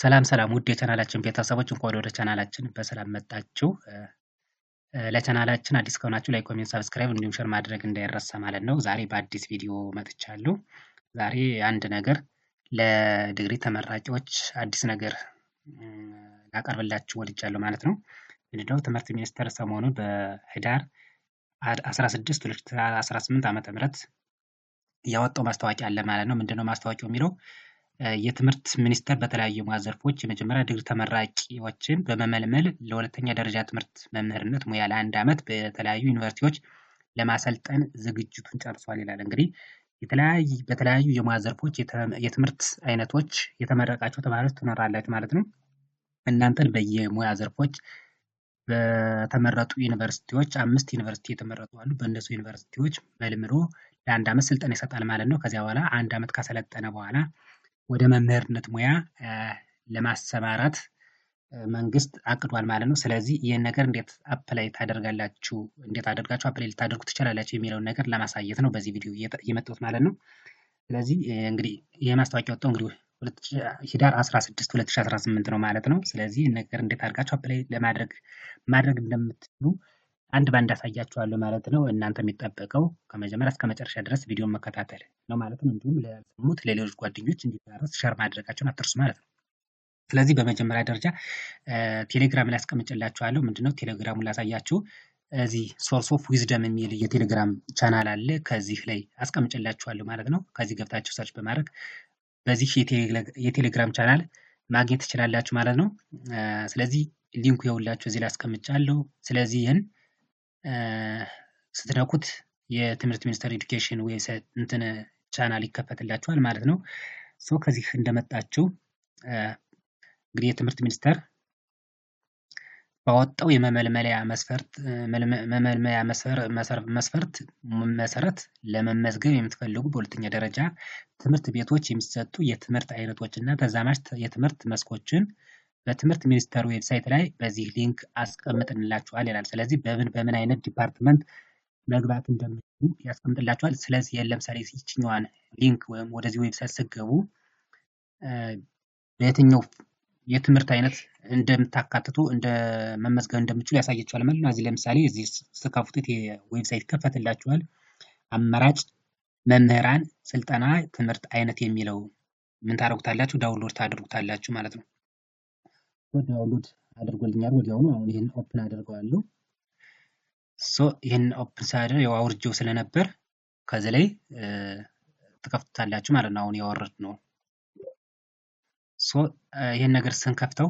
ሰላም ሰላም ውድ የቻናላችን ቤተሰቦች እንኳን ወደ ቻናላችን በሰላም መጣችሁ። ለቻናላችን አዲስ ከሆናችሁ ላይክ፣ ኮሜንት፣ ሰብስክራይብ እንዲሁም ሼር ማድረግ እንዳይረሳ ማለት ነው። ዛሬ በአዲስ ቪዲዮ መጥቻለሁ። ዛሬ አንድ ነገር ለድግሪ ተመራቂዎች አዲስ ነገር ላቀርብላችሁ ወድጃለሁ ማለት ነው። ምንድነው? ትምህርት ሚኒስቴር ሰሞኑን በህዳር 16 2018 ዓ.ም ያወጣው ማስታወቂያ አለ ማለት ነው። ምንድነው ማስታወቂያው የሚለው የትምህርት ሚኒስቴር በተለያዩ ሙያ ዘርፎች የመጀመሪያ ዲግሪ ተመራቂዎችን በመመልመል ለሁለተኛ ደረጃ ትምህርት መምህርነት ሙያ ለአንድ ዓመት በተለያዩ ዩኒቨርሲቲዎች ለማሰልጠን ዝግጅቱን ጨርሷል ይላል። እንግዲህ በተለያዩ የሙያ ዘርፎች የትምህርት አይነቶች የተመረቃቸው ተማሪዎች ትኖራላችሁ ማለት ነው። እናንተን በየሙያ ዘርፎች በተመረጡ ዩኒቨርሲቲዎች አምስት ዩኒቨርሲቲ የተመረጡ አሉ። በእነሱ ዩኒቨርሲቲዎች መልምሮ ለአንድ ዓመት ስልጠና ይሰጣል ማለት ነው። ከዚያ በኋላ አንድ ዓመት ካሰለጠነ በኋላ ወደ መምህርነት ሙያ ለማሰማራት መንግስት አቅዷል ማለት ነው። ስለዚህ ይህን ነገር እንዴት አፕላይ ታደርጋላችሁ፣ እንዴት አደርጋችሁ አፕላይ ልታደርጉ ትችላላችሁ የሚለውን ነገር ለማሳየት ነው በዚህ ቪዲዮ የመጣሁት ማለት ነው። ስለዚህ እንግዲህ ይህ ማስታወቂያ ወጣው እንግዲህ ህዳር 16 2018 ነው ማለት ነው። ስለዚህ ነገር እንዴት አድርጋችሁ አፕላይ ለማድረግ ማድረግ እንደምትችሉ አንድ ባንድ አሳያችኋለሁ ማለት ነው። እናንተ የሚጠበቀው ከመጀመሪያ እስከ መጨረሻ ድረስ ቪዲዮን መከታተል ነው ማለት ነው። እንዲሁም ለሙት ለሌሎች ጓደኞች እንዲዳረስ ሸር ማድረጋቸውን አትርሱ ማለት ነው። ስለዚህ በመጀመሪያ ደረጃ ቴሌግራም ላይ አስቀምጭላችኋለሁ። ምንድነው ቴሌግራሙ ላሳያችሁ። እዚህ ሶርስ ኦፍ ዊዝደም የሚል የቴሌግራም ቻናል አለ። ከዚህ ላይ አስቀምጭላችኋለሁ ማለት ነው። ከዚህ ገብታችሁ ሰርች በማድረግ በዚህ የቴሌግራም ቻናል ማግኘት ትችላላችሁ ማለት ነው። ስለዚህ ሊንኩ የውላችሁ እዚህ ላይ አስቀምጫለሁ። ስለዚህ ይህን ስትነኩት የትምህርት ሚኒስቴር ኤዱኬሽን ወይ እንትን ቻናል ይከፈትላችኋል ማለት ነው። ሶ ከዚህ እንደመጣችው እንግዲህ የትምህርት ሚኒስቴር ባወጣው የመመልመያ መስፈርት መመልመያ መስፈርት መሰረት ለመመዝገብ የምትፈልጉ በሁለተኛ ደረጃ ትምህርት ቤቶች የሚሰጡ የትምህርት አይነቶች እና ተዛማጅ የትምህርት መስኮችን በትምህርት ሚኒስቴር ዌብሳይት ላይ በዚህ ሊንክ አስቀምጥንላችኋል ይላል። ስለዚህ በምን በምን አይነት ዲፓርትመንት መግባት እንደምትችሉ ያስቀምጥላችኋል። ስለዚህ ለምሳሌ ይችኛዋን ሊንክ ወይም ወደዚህ ዌብሳይት ስገቡ በየትኛው የትምህርት አይነት እንደምታካትቱ እንደ መመዝገብ እንደምችሉ ያሳያችኋል ማለት ነው። እዚህ ለምሳሌ እዚህ ስከፍቱት ዌብሳይት ይከፈትላችኋል። አማራጭ መምህራን ስልጠና ትምህርት አይነት የሚለው ምን ታደርጉታላችሁ? ዳውንሎድ ታደርጉታላችሁ ማለት ነው። ወደ ዳውንሎድ አድርጎልኛል። ወዲያውኑ አሁን ይህን ኦፕን አድርገዋለሁ። ሶ ይህን ኦፕን ሳደር ያው አውርጄው ስለነበር ከዚህ ላይ ትከፍቱታላችሁ ማለት ነው። አሁን ያወረድ ነው። ሶ ይህን ነገር ስንከፍተው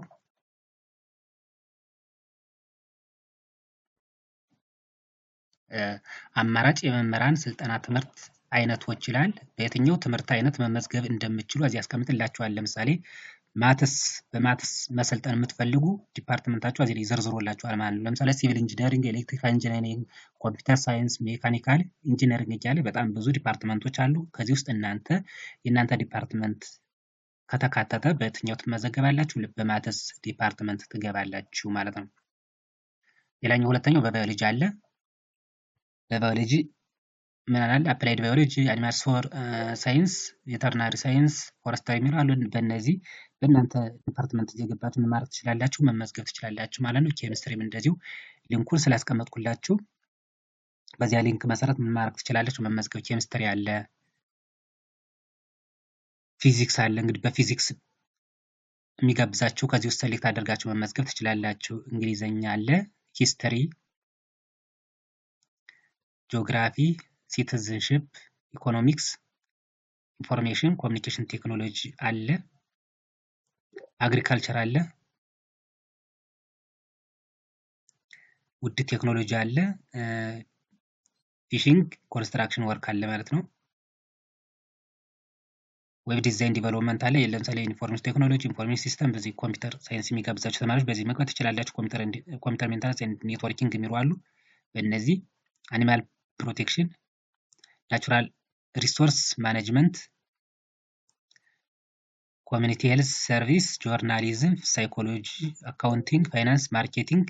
አማራጭ የመምህራን ስልጠና ትምህርት አይነቶች ይላል። በየትኛው ትምህርት አይነት መመዝገብ እንደምችሉ እዚህ ያስቀምጥላችኋል። ለምሳሌ ማትስ በማትስ መሰልጠን የምትፈልጉ ዲፓርትመንታቸው አዚ ላይ ዘርዝሮላችኋል ማለት ነው። ለምሳሌ ሲቪል ኢንጂነሪንግ፣ ኤሌክትሪካል ኢንጂነሪንግ፣ ኮምፒውተር ሳይንስ፣ ሜካኒካል ኢንጂነሪንግ እያለ በጣም ብዙ ዲፓርትመንቶች አሉ። ከዚህ ውስጥ እናንተ የእናንተ ዲፓርትመንት ከተካተተ በየትኛው ትመዘገባላችሁ? በማትስ ዲፓርትመንት ትገባላችሁ ማለት ነው። ሌላኛው ሁለተኛው በባዮሎጂ አለ። በባዮሎጂ ምናላል አፕላይድ ባዮሎጂ፣ አኒማልስ ፎር ሳይንስ፣ ቬተርናሪ ሳይንስ፣ ፎረስታዊ የሚላሉ በእነዚህ በእናንተ ዲፓርትመንት እየገባችሁ መማር ትችላላችሁ፣ መመዝገብ ትችላላችሁ ማለት ነው። ኬሚስትሪም እንደዚሁ ሊንኩን ስላስቀመጥኩላችሁ በዚያ ሊንክ መሰረት መማረክ ትችላላችሁ፣ መመዝገብ። ኬሚስትሪ አለ፣ ፊዚክስ አለ። እንግዲህ በፊዚክስ የሚጋብዛችሁ ከዚህ ውስጥ ሴሌክት አድርጋችሁ መመዝገብ ትችላላችሁ። እንግሊዘኛ አለ፣ ሂስትሪ፣ ጂኦግራፊ ሲቲዝንሽፕ ኢኮኖሚክስ ኢንፎርሜሽን ኮሚኒኬሽን ቴክኖሎጂ አለ። አግሪካልቸር አለ። ውድ ቴክኖሎጂ አለ። ፊሽንግ ኮንስትራክሽን ወርክ አለ ማለት ነው። ዌብ ዲዛይን ዲቨሎፕመንት አለ። ለምሳሌ ኢንፎርሜሽን ቴክኖሎጂ፣ ኢንፎርሜሽን ሲስተም በዚህ ኮምፒውተር ሳይንስ የሚጋብዛቸው ተማሪዎች በዚህ መግባት ትችላላችሁ። ኮምፒውተር ሜንታናንስ ኔትወርኪንግ የሚሉ አሉ። በእነዚህ አኒማል ፕሮቴክሽን ናቹራል ሪሶርስ ማኔጅመንት፣ ኮሚኒቲ ሄልስ ሰርቪስ፣ ጆርናሊዝም፣ ሳይኮሎጂ፣ አካውንቲንግ፣ ፋይናንስ፣ ማርኬቲንግ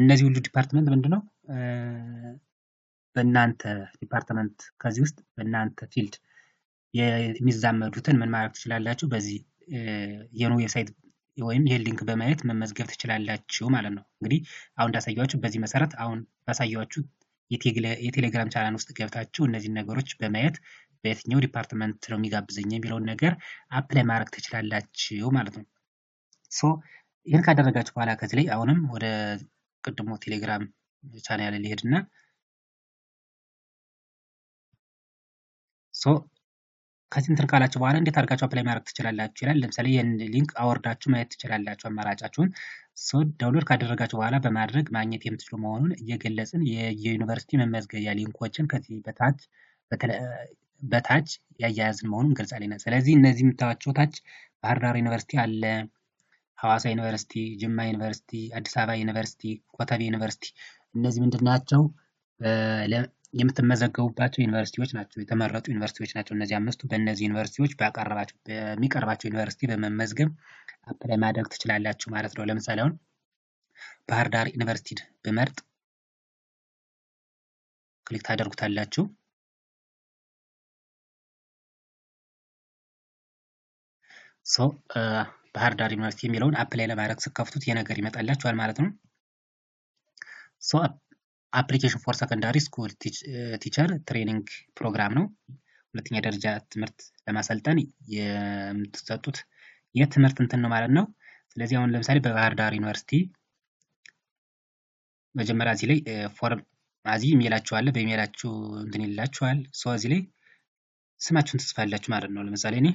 እነዚህ ሁሉ ዲፓርትመንት ምንድን ነው? በእናንተ ዲፓርትመንት ከዚህ ውስጥ በእናንተ ፊልድ የሚዛመዱትን ምን ማድረግ ትችላላችሁ? በዚህ የኑ የሳይት ወይም ይህን ሊንክ በማየት መመዝገብ ትችላላችሁ ማለት ነው። እንግዲህ አሁን እንዳሳያችሁ በዚህ መሰረት አሁን ባሳያችሁ የቴሌግራም ቻናል ውስጥ ገብታችሁ እነዚህን ነገሮች በማየት በየትኛው ዲፓርትመንት ነው የሚጋብዘኝ የሚለውን ነገር አፕላይ ማድረግ ትችላላችሁ ማለት ነው። ሶ ይህን ካደረጋችሁ በኋላ ከዚህ ላይ አሁንም ወደ ቅድሞ ቴሌግራም ቻናል ሊሄድና ሶ ከዚህ እንትን ካላችሁ በኋላ እንዴት አድርጋችሁ አፕላይ ማድረግ ትችላላችሁ ይላል። ለምሳሌ ይህን ሊንክ አወርዳችሁ ማየት ትችላላችሁ አማራጫችሁን። እሱን ዳውንሎድ ካደረጋችሁ በኋላ በማድረግ ማግኘት የምትችሉ መሆኑን እየገለጽን የዩኒቨርሲቲ መመዝገቢያ ሊንኮችን ከዚህ በታች በታች ያያያዝን መሆኑን እንገልጻለን። ስለዚህ እነዚህ የምታዩቸው ታች ባህር ዳር ዩኒቨርሲቲ አለ፣ ሐዋሳ ዩኒቨርሲቲ፣ ጅማ ዩኒቨርሲቲ፣ አዲስ አበባ ዩኒቨርሲቲ፣ ኮተቤ ዩኒቨርሲቲ እነዚህ ምንድን ናቸው? የምትመዘገቡባቸው ዩኒቨርሲቲዎች ናቸው። የተመረጡ ዩኒቨርሲቲዎች ናቸው። እነዚህ አምስቱ በእነዚህ ዩኒቨርሲቲዎች በሚቀርባቸው ዩኒቨርሲቲ በመመዝገብ አፕላይ ማድረግ ትችላላችሁ ማለት ነው። ለምሳሌ አሁን ባህር ዳር ዩኒቨርሲቲ ብመርጥ ክሊክ ታደርጉታላችሁ። ሶ ባህር ዳር ዩኒቨርሲቲ የሚለውን አፕላይ ለማድረግ ስከፍቱት የነገር ይመጣላችኋል ማለት ነው። ሶ አፕሊኬሽን ፎር ሰከንዳሪ ስኩል ቲቸር ትሬኒንግ ፕሮግራም ነው። ሁለተኛ ደረጃ ትምህርት ለማሰልጠን የምትሰጡት የትምህርት እንትን ነው ማለት ነው። ስለዚህ አሁን ለምሳሌ በባህር ዳር ዩኒቨርሲቲ መጀመሪያ እዚህ ላይ ፎርም eh, አዚህ ኢሜላችሁ አለ። እንትን ይላችኋል። ሰው እዚህ ላይ ስማችሁን ትጽፋላችሁ ማለት ነው። ለምሳሌ እኔ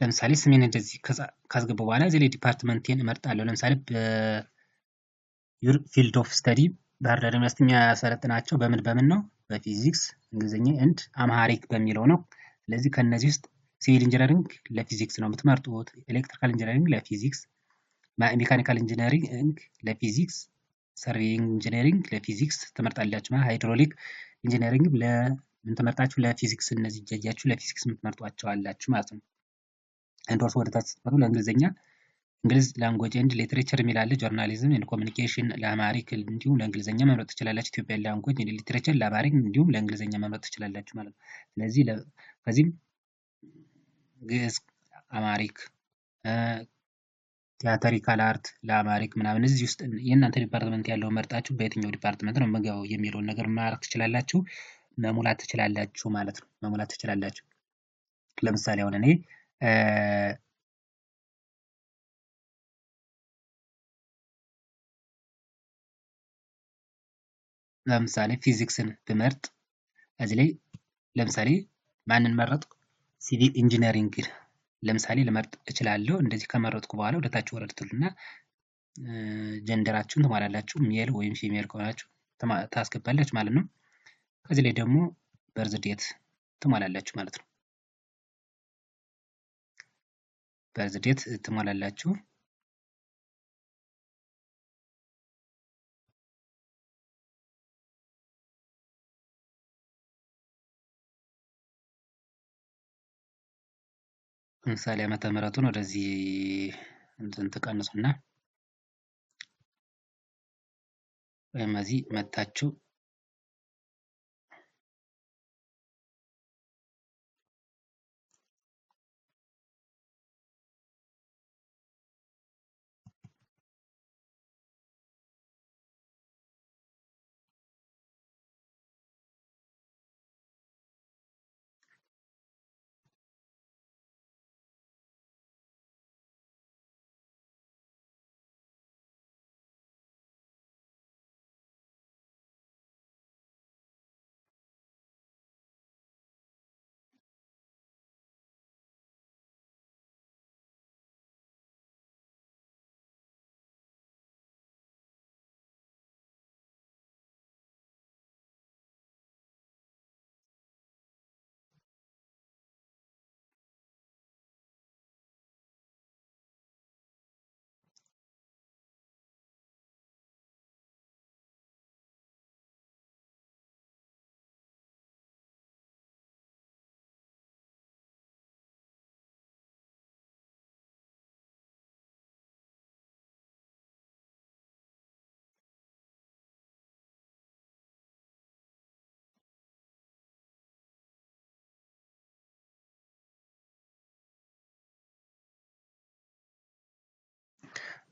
ለምሳሌ ስሜን እንደዚህ ካስገባ በኋላ እዚህ ላይ ዲፓርትመንቴን እመርጣለሁ። ለምሳሌ ፊልድ ኦፍ ስተዲ ባህር ዳር ዩኒቨርሲቲ የሚያሰለጥናቸው በምን በምን ነው? በፊዚክስ እንግሊዝኛ፣ እንድ አምሃሪክ በሚለው ነው። ስለዚህ ከእነዚህ ውስጥ ሲቪል ኢንጂነሪንግ ለፊዚክስ ነው የምትመርጡት። ኤሌክትሪካል ኢንጂነሪንግ ለፊዚክስ፣ ሜካኒካል ኢንጂነሪንግ ለፊዚክስ፣ ሰርቬይንግ ኢንጂነሪንግ ለፊዚክስ ትመርጣላችሁ። ማለት ሃይድሮሊክ ኢንጂነሪንግ ለምን ትመርጣችሁ? ለፊዚክስ። እነዚህ እጃጃችሁ ለፊዚክስ የምትመርጧቸው አላችሁ ማለት ነው። አንድ ወርፍ ወደታች ስትመጡ ለእንግሊዝኛ እንግሊዝ ላንጉጅ ኤንድ ሊትሬቸር የሚላለ ጆርናሊዝም ኤንድ ኮሚኒኬሽን ለአማሪክ እንዲሁም ለእንግሊዝኛ መምረጥ ትችላላችሁ። ኢትዮጵያን ላንጉጅ ኤንድ ሊትሬቸር ለአማሪክ እንዲሁም ለእንግሊዝኛ መምረጥ ትችላላችሁ ማለት ነው። ስለዚህ ከዚህም ግዕዝ፣ አማሪክ፣ ቲያትሪካል አርት ለአማሪክ ምናምን እዚህ ውስጥ የእናንተ ዲፓርትመንት ያለው መርጣችሁ በየትኛው ዲፓርትመንት ነው የምገባው የሚለውን ነገር ማድረግ ትችላላችሁ፣ መሙላት ትችላላችሁ ማለት ነው። መሙላት ትችላላችሁ። ለምሳሌ አሁን እኔ é, ለምሳሌ ፊዚክስን ብመርጥ እዚህ ላይ ለምሳሌ ማንን መረጥኩ? ሲቪል ኢንጂነሪንግ ለምሳሌ ልመርጥ እችላለሁ። እንደዚህ ከመረጥኩ በኋላ ወደታችሁ ወረድ ትሉና ጀንደራችሁን ትሟላላችሁ። ሜል ወይም ፊሜል ከሆናችሁ ታስገባላችሁ ማለት ነው። ከዚህ ላይ ደግሞ በርዝዴት ትሟላላችሁ ማለት ነው። በዝዴት ትሞላላችሁ። ምሳሌ ዓመተ ምሕረቱን ወደዚህ እንትን ትቀንሱና ወይም እዚህ መታችሁ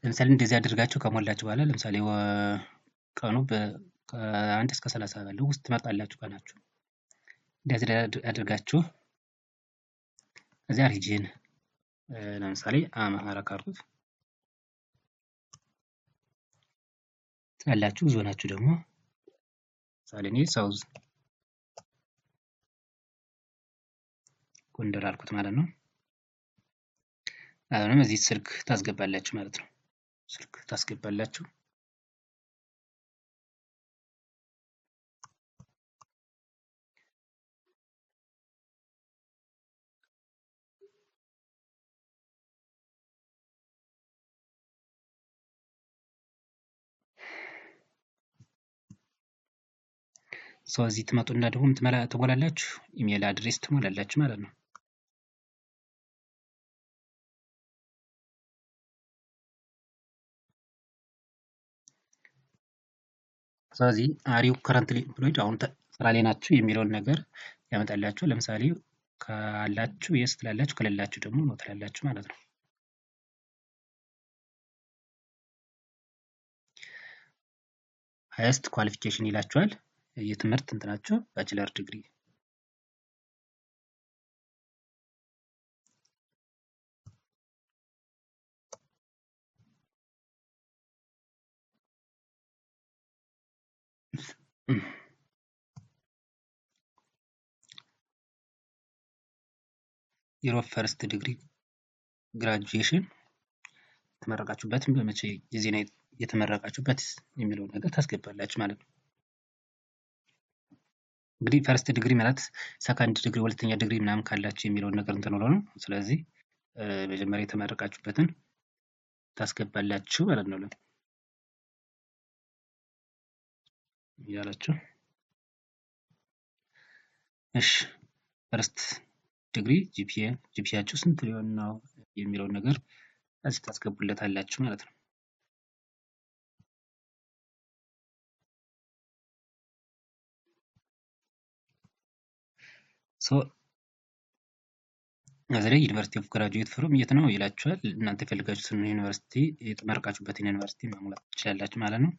ለምሳሌ እንደዚህ አድርጋችሁ ከሞላችሁ በኋላ ለምሳሌ ቀኑ ከአንድ እስከ ሰላሳ ባለው ውስጥ ትመርጣላችሁ ቀናችሁ። እንደዚህ አድርጋችሁ እዚያ ሪጅን ለምሳሌ አማራ ካርቱት ያላችሁ ዞናችሁ ደግሞ ለምሳሌ እኔ ሳውዝ ጎንደር አልኩት ማለት ነው። አሁንም እዚህ ስልክ ታስገባላችሁ ማለት ነው። ስልክ ታስገባላችሁ። ሰው እዚህ ትመጡና ደግሞ ትሞላላችሁ፣ ኢሜል አድሬስ ትሞላላችሁ ማለት ነው። ስለዚህ አሪው ዩ ከረንትሊ ኢምፕሎይድ አሁን ስራ ላይ ናችሁ የሚለውን ነገር ያመጣላችሁ። ለምሳሌ ካላችሁ የስ ትላላችሁ፣ ከሌላችሁ ደግሞ ነው ትላላችሁ ማለት ነው። ሀይስት ኳሊፊኬሽን ይላችኋል የትምህርት እንትናችሁ ባችለር ዲግሪ የሮብ ፈርስት ዲግሪ ግራጁዌሽን የተመረቃችሁበትን በመቼ የዜና የተመረቃችሁበት የሚለውን ነገር ታስገባላችሁ ማለት ነው። እንግዲህ ፈርስት ዲግሪ ማለት ሰከንድ ዲግሪ፣ ሁለተኛ ዲግሪ ምናምን ካላችሁ የሚለውን ነገር እንትን ነው። ስለዚህ መጀመሪያ የተመረቃችሁበትን ታስገባላችሁ ማለት ነው። እያላችሁ እሺ ፈርስት ዲግሪ ጂፒኤ ጂፒኤያችሁ ስንት ሊሆን ነው የሚለውን ነገር እዚህ ታስገቡለታላችሁ ማለት ነው። ሶ ዩኒቨርሲቲ ኦፍ ግራጁዌት ፍሩም የት ነው ይላችኋል። እናንተ የፈልጋችሁትን ዩኒቨርሲቲ የተመረቃችሁበትን ዩኒቨርሲቲ መሙላት ትችላላችሁ ማለት ነው።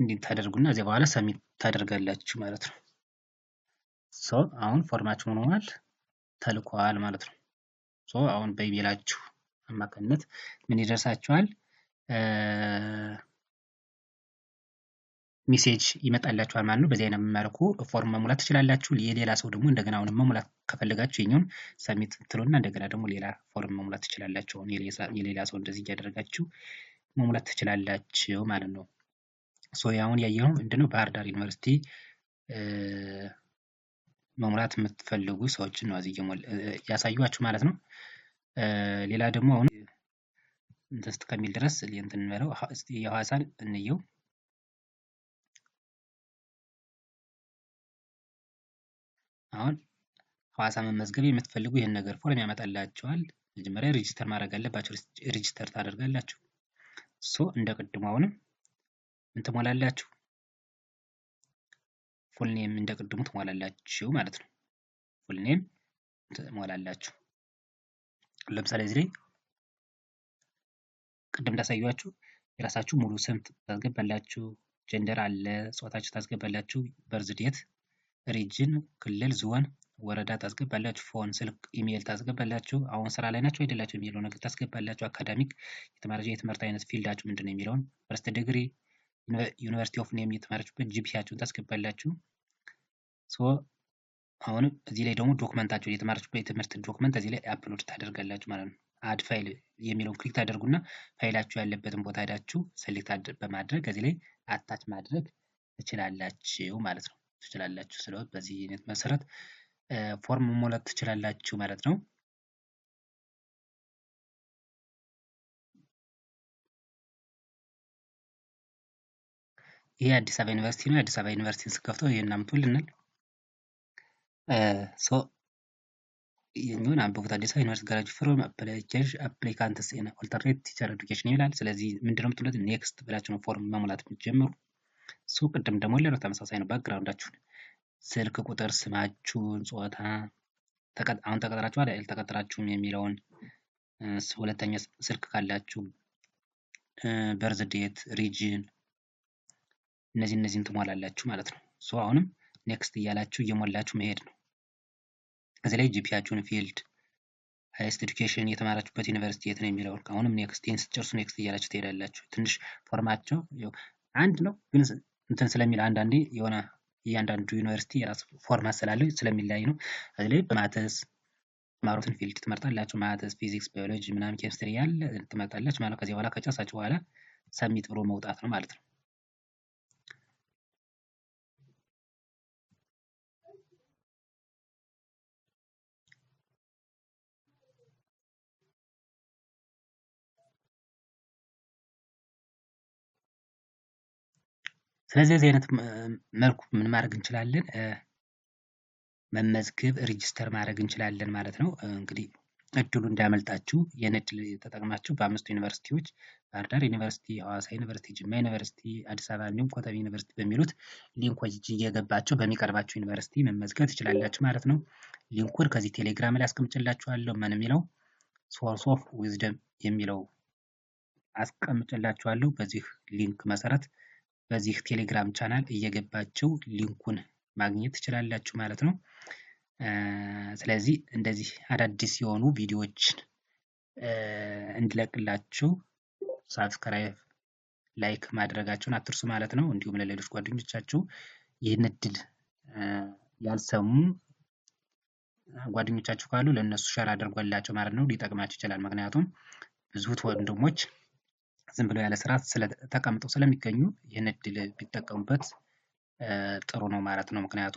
እንዲህ ታደርጉና እዚያ በኋላ ሰሚት ታደርጋላችሁ ማለት ነው። ሶ አሁን ፎርማችሁ ምን ሆኗል? ተልኳል ማለት ነው። ሶ አሁን በኢሜላችሁ አማካኝነት ምን ይደርሳችኋል? ሜሴጅ ይመጣላችኋል ማለት ነው። በዚህ አይነት መልኩ ፎርም መሙላት ትችላላችሁ። የሌላ ሰው ደግሞ እንደገና አሁን መሙላት ከፈለጋችሁ የኛውን ሰሚት ትሉና እንደገና ደግሞ ሌላ ፎርም መሙላት ትችላላችሁ። የሌላ ሰው እንደዚህ እያደረጋችሁ መሙላት ትችላላችሁ ማለት ነው። ሶ አሁን ያየነው ምንድነው ባህር ዳር ዩኒቨርሲቲ መሙላት የምትፈልጉ ሰዎችን ነው እዚህ ያሳዩችሁ ማለት ነው። ሌላ ደግሞ አሁን እንትስት ከሚል ድረስ እንትን እንበለው የሐዋሳን እንየው። አሁን ሐዋሳ መመዝገብ የምትፈልጉ ይህን ነገር ፎርም ያመጣላቸዋል። መጀመሪያ ሬጅስተር ማድረግ አለባቸው። ሬጅስተር ታደርጋላችሁ። ሶ እንደ ቅድሙ አሁንም ምን ትሞላላችሁ? ፉል ኔም እንደቅድሙ ትሞላላችሁ ማለት ነው። ፉል ኔም ትሞላላችሁ። ለምሳሌ እዚህ ላይ ቅድም እንዳሳያችሁ የራሳችሁ ሙሉ ስም ታስገባላችሁ፣ ጀንደር አለ፣ ጾታችሁ ታስገባላችሁ፣ በርዝ ዴት፣ ሪጅን፣ ክልል፣ ዞን፣ ወረዳ ታስገባላችሁ፣ ፎን፣ ስልክ፣ ኢሜይል ታስገባላችሁ፣ አሁን ስራ ላይ ናቸው አይደላቸው የሚለው ነገር ታስገባላችሁ፣ አካዳሚክ የተማረ የትምህርት አይነት ፊልዳችሁ ምንድን ነው የሚለውን ፈርስት ዲግሪ ዩኒቨርሲቲ ኦፍ ኔም የተማራችሁበት ጂፒሲያችሁን ታስገባላችሁ። ሶ አሁንም እዚህ ላይ ደግሞ ዶክመንታችሁን የተማራችሁበት የትምህርት ዶክመንት እዚህ ላይ አፕሎድ ታደርጋላችሁ ማለት ነው። አድ ፋይል የሚለውን ክሊክ ታደርጉና ፋይላችሁ ያለበትን ቦታ ሄዳችሁ ሴሌክት በማድረግ እዚህ ላይ አታች ማድረግ ትችላላችሁ ማለት ነው። ትችላላችሁ ስለ በዚህ አይነት መሰረት ፎርም መሞላት ትችላላችሁ ማለት ነው። ይሄ አዲስ አበባ ዩኒቨርሲቲ ነው። የአዲስ አበባ ዩኒቨርሲቲን ስከፍተው ይህን አምጡ ልንል የሚሆን አንብቡት። አዲስ አበባ ዩኒቨርሲቲ ጋራጅ ፍሮም አፕሊኬሽ አፕሊካንትስ ን ኦልተርኔት ቲቸር ኤዱኬሽን ይላል። ስለዚህ ምንድነው የምትሉት ኔክስት ብላችሁ ነው ፎርም መሙላት የምትጀምሩ። ሶ ቅድም ደግሞ ሌሎች ተመሳሳይ ነው። ባክግራውንዳችሁን፣ ስልክ ቁጥር፣ ስማችሁን፣ ጾታ፣ አሁን ተቀጥራችሁ ተቀጥራችኋል አልተቀጥራችሁም የሚለውን ሁለተኛ ስልክ ካላችሁ በርዝ ዴት ሪጅን እነዚህ እነዚህን ትሞላላችሁ ማለት ነው። ሶ አሁንም ኔክስት እያላችሁ እየሞላችሁ መሄድ ነው። እዚህ ላይ ጂፒያችሁን ፊልድ ሃይስት ኤዱኬሽን የተማራችሁበት ዩኒቨርሲቲ የት ነው የሚለውን አሁንም ኔክስትን ስትጨርሱ ኔክስት እያላችሁ ትሄዳላችሁ። ትንሽ ፎርማቸው አንድ ነው ግን እንትን ስለሚል አንዳንዴ የሆነ እያንዳንዱ ዩኒቨርሲቲ የራሱ ፎርማት ስላለው ስለሚለያይ ነው። እዚህ ላይ በማተስ ማሩትን ፊልድ ትመርጣላችሁ። ማተስ፣ ፊዚክስ፣ ባዮሎጂ ምናምን ኬሚስትሪ ያለ ትመርጣላችሁ ማለት ከዚህ በኋላ ከጨረሳችሁ በኋላ ሰሚት ብሎ መውጣት ነው ማለት ነው። ስለዚህ በዚህ አይነት መልኩ ምን ማድረግ እንችላለን? መመዝገብ ሬጅስተር ማድረግ እንችላለን ማለት ነው። እንግዲህ እድሉ እንዳመልጣችሁ ይህን እድል ተጠቅማችሁ በአምስቱ ዩኒቨርሲቲዎች ባህር ዳር ዩኒቨርሲቲ፣ ሐዋሳ ዩኒቨርሲቲ፣ ጅማ ዩኒቨርሲቲ፣ አዲስ አበባ እንዲሁም ኮተቤ ዩኒቨርሲቲ በሚሉት ሊንኮች እየገባችሁ በሚቀርባችሁ ዩኒቨርሲቲ መመዝገብ ትችላላችሁ ማለት ነው። ሊንኩን ከዚህ ቴሌግራም ላይ አስቀምጥላችኋለሁ። ምን የሚለው ሶርስ ኦፍ ዊዝደም የሚለው አስቀምጭላችኋለሁ። በዚህ ሊንክ መሰረት በዚህ ቴሌግራም ቻናል እየገባችሁ ሊንኩን ማግኘት ትችላላችሁ ማለት ነው። ስለዚህ እንደዚህ አዳዲስ የሆኑ ቪዲዮዎችን እንዲለቅላችሁ ሳብስክራይብ፣ ላይክ ማድረጋችሁን አትርሱ ማለት ነው። እንዲሁም ለሌሎች ጓደኞቻችሁ ይህን እድል ያልሰሙ ጓደኞቻችሁ ካሉ ለእነሱ ሸር አድርጓላቸው ማለት ነው። ሊጠቅማቸው ይችላል። ምክንያቱም ብዙ ወንድሞች ዝም ብለው ያለ ስራ ተቀምጠው ስለሚገኙ ይህን እድል ቢጠቀሙበት ጥሩ ነው ማለት ነው። ምክንያቱም